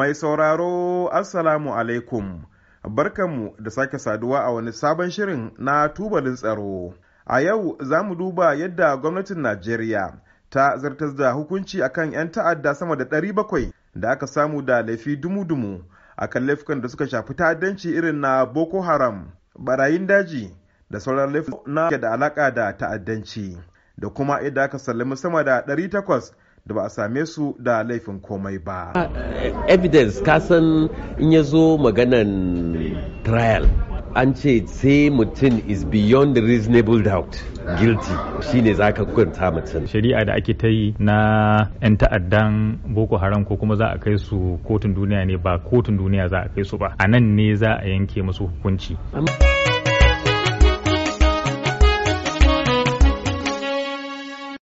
Mai sauraro Assalamu alaikum, barkanmu da sake saduwa a wani sabon shirin na tubalin tsaro. A yau za mu duba yadda gwamnatin Najeriya ta zartar da hukunci akan 'yan ta'adda sama da 700 da aka samu da laifi dumu-dumu kan laifukan da suka shafi ta'addanci irin na Boko Haram, barayin daji da sauran laifukan na da alaka da ta'addanci. Da kuma yadda aka sallami sama da 800 da ba a same su da laifin komai ba evidence kasan in ya zo maganan trial an ce sai mutum is beyond reasonable doubt guilty shi ne za ka kwanta mutum shari'a da ake ta yi na 'yan ta'addan boko haram ko kuma za a kai su kotun duniya ne ba kotun duniya za a kai su ba a nan ne za a yanke musu hukunci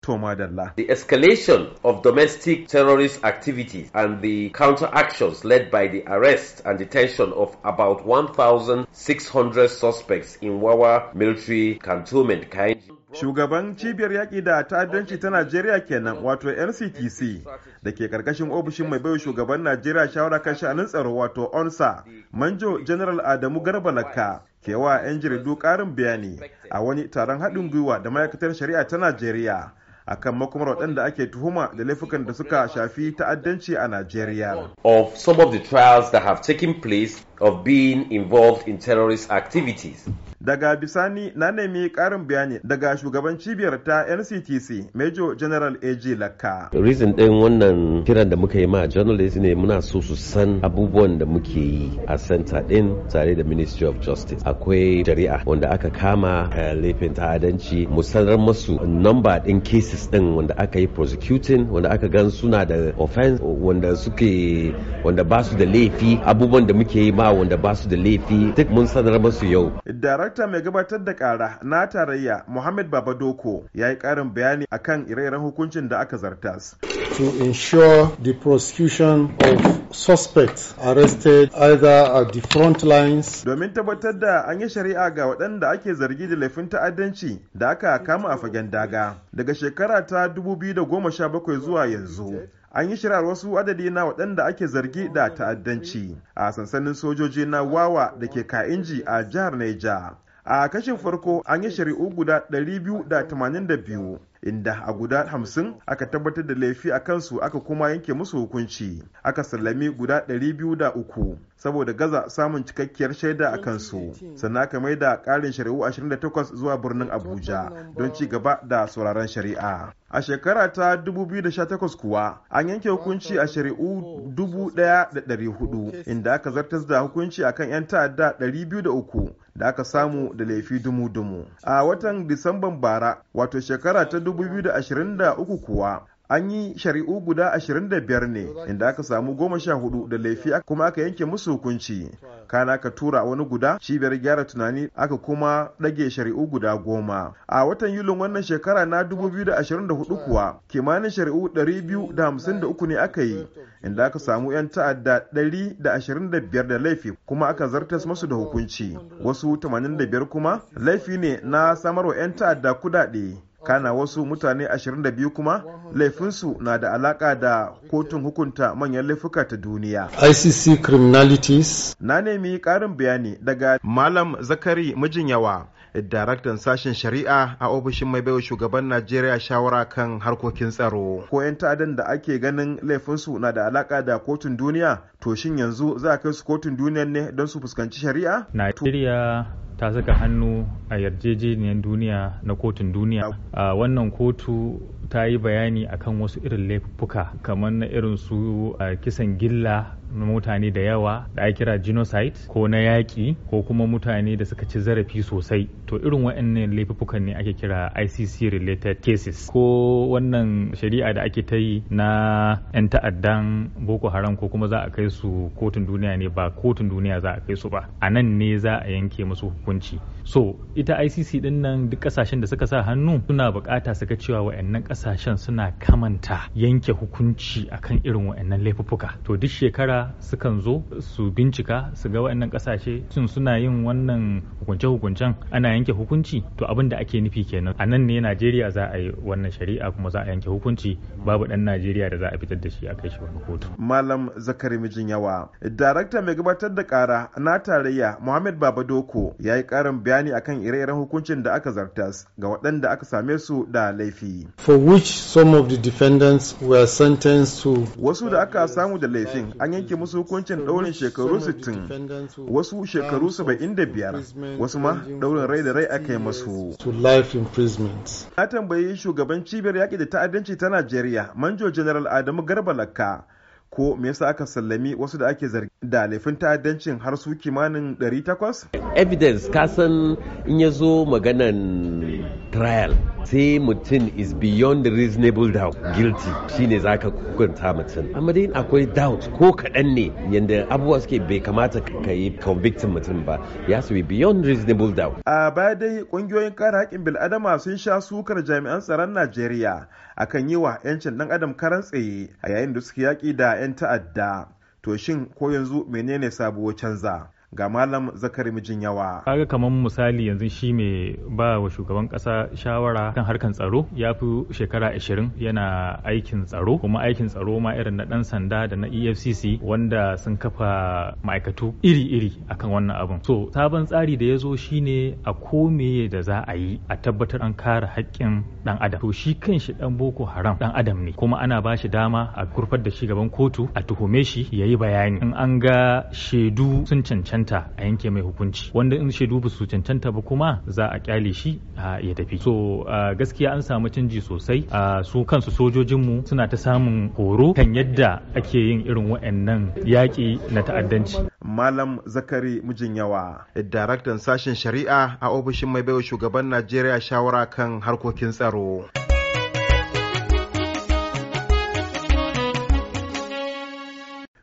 Toma Madalla. The escalation of domestic terrorist activities and the counter actions led by the arrest and detention of about 1,600 suspects in Wawa military cantonment Kainji. shugaban cibiyar yaƙi da ta'addanci ta najeriya kenan wato nctc da ke ƙarƙashin ofishin mai baiwa shugaban najeriya shawara kan sha'anin tsaro wato onsa manjo general adamu garba lakka wa 'yan jaridu ƙarin bayani a wani taron haɗin gwiwa da ma'aikatar shari'a ta najeriya akan waɗanda ake tuhuma da laifukan da suka shafi ta'addanci a Najeriya. Of some of the trials that have taken place of being involved in terrorist activities. daga bisani na nemi karin bayani daga shugaban cibiyar ta nctc major general ag lakka reason din wannan kiran da muka yi ma journalist ne muna so su san abubuwan da muke yi a center din tare da ministry of justice akwai shari'a wanda aka kama laifin ta'adanci mu sanar masu number din cases din wanda aka yi prosecuting wanda aka gan suna da offense wanda suke wanda ba su da laifi abubuwan da muke yi ma wanda ba su da laifi duk mun sanar masu yau Darakta mai gabatar da kara na tarayya Muhammad Babadoko ya yi karin bayani akan ire-iren hukuncin da aka zarta. To ensure the prosecution of suspects arrested either at the front lines. Domin tabbatar da an yi shari'a ga waɗanda ake zargi da laifin ta'addanci da aka kama a fagen daga. Daga shekara ta 2017 zuwa yanzu, an yi shirar wasu adadi na waɗanda ake zargi da ta'addanci a sansanin sojoji na wawa da ke ka'inji a jihar Neja. a kashin farko an yi shari'u guda 282 inda a guda 50 aka tabbatar da laifi a kansu aka kuma yanke musu hukunci aka sallami guda 203 saboda gaza samun cikakkiyar shaida a kansu sannan aka mai da ƙarin shari'u 28 zuwa birnin abuja don ci gaba da sauraron shari'a a shekara ta 2018 kuwa an yanke hukunci a shari'u 1,400 inda aka zartas da hukunci a kan 'yan ta'adda 203 da aka samu da laifi dumu-dumu a watan disamban bara wato shekara ta 2023 kuwa an yi shari'u guda 25 ne inda aka samu goma sha hudu da laifi kuma aka yanke musu hukunci kana ka tura wani guda cibiyar gyara tunani aka kuma ɗage shari'u guda goma a watan yulin wannan shekara na 2024 kuwa kimanin shari'u 253 ne aka yi inda aka samu 'yan ta'adda 125 da laifi kuma aka zartas masu da hukunci wasu 85 kuma laifi ne na samarwa 'yan ta'adda kudade kana wasu mutane 22 kuma laifinsu na da alaka da kotun hukunta manyan laifuka ta duniya. ICC criminalities. Na nemi ƙarin bayani daga Malam Zakari mijin yawa. daraktan sashen shari'a a ofishin mai baiwa shugaban najeriya shawara kan harkokin tsaro ko 'yan ta'adan da ake ganin laifinsu na da alaka da kotun duniya to shin yanzu za a kai su kotun duniya ne don su fuskanci shari'a najeriya ta saka hannu a yarjejeniyar duniya na kotun duniya a wannan kotu ta yi bayani akan wasu irin laifuka kamar na irin su kisan gilla mutane da yawa da ake kira genocide ko na yaƙi ko kuma mutane da suka ci zarafi sosai to irin waɗannan laifukan ne ake kira ICC related cases ko wannan shari'a da ake ta yi na 'yan ta'addan Boko Haram ko kuma za a kai su kotun duniya ne ba kotun duniya za a kai su ba a nan ne za a yanke musu hukunci so ita ICC din nan duk kasashen da suka sa hannu suna bukata suka cewa waɗannan kasashen suna kamanta yanke hukunci akan irin waɗannan laifuka to duk shekara sukan zo su bincika su ga waɗannan kasashe sun suna yin wannan hukunce-hukuncen ana yanke hukunci to abin da ake nufi kenan a nan ne najeriya za a yi wannan shari'a kuma za a yanke hukunci babu dan najeriya da za a fitar da shi a kai shi wani kotu malam zakari mijin yawa darakta mai gabatar da kara na tarayya muhammad babadoko ya yi karin bayani akan ire-iren hukuncin da aka zartas ga waɗanda aka same su da laifi for which some of the defendants were sentenced to wasu da aka samu da laifin an yanke musu hukuncin daurin shekaru 60 wasu shekaru 75 wasu ma daurin rai da rai aka yi masu a tambayi shugaban cibiyar yaƙi da ta'addanci ta najeriya manjo general adamu garba lakka ko me yasa aka sallami wasu da ake zargi da laifin ta'addancin har su kimanin 800 evidence kasan in ya zo maganan trial sai mutum is beyond reasonable doubt guilty shine za ka hukunta mutum amma dai akwai doubt ko kaɗan ne yadda abubuwa suke bai kamata ka yi convicting mutum ba ya su beyond reasonable doubt a baya dai ƙungiyoyin kare haƙƙin bil'adama sun sha sukar jami'an tsaron najeriya akan yi wa 'yancin ɗan adam karan tsaye a yayin da suke yaƙi da 'yan ta'adda to shin ko yanzu menene sabuwar canza ga malam zakari mijin yawa kaga kamar misali yanzu shi mai ba wa shugaban kasa shawara kan harkan tsaro ya fi shekara 20 yana aikin tsaro kuma aikin tsaro ma irin na dan sanda da na efcc wanda sun kafa ma'aikatu iri-iri akan wannan abin so sabon tsari da ya zo shine a kome da za a yi a tabbatar an kare haƙƙin dan adam to shi kan shi dan boko haram dan adam ne kuma ana ba shi dama a kurfar da shi gaban kotu a tuhume shi ya yi bayani in an ga shaidu sun cancanta cancanta a yanke mai hukunci wanda in shaidu ba su cancanta ba kuma za a kyale shi ya tafi so gaskiya an samu canji sosai su kansu sojojinmu suna ta samun horo kan yadda ake yin irin waɗannan yaƙi na ta'addanci Malam Zakari yawa daraktan sashen shari'a a ofishin mai baiwa shugaban Najeriya shawara kan harkokin tsaro.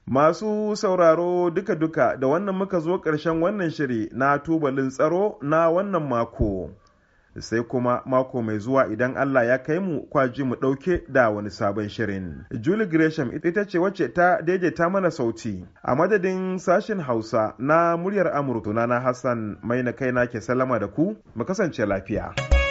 Masu sauraro duka-duka da wannan muka zo ƙarshen wannan shiri na tubalin tsaro na wannan mako. Sai kuma mako mai zuwa idan Allah ya kai mu kwaji mu ɗauke da wani sabon shirin. Julie Gresham ita ce wacce ta daidaita mana sauti. A madadin sashen Hausa na muryar Amurka na Hassan mai na kai na ke salama da ku, mu kasance lafiya.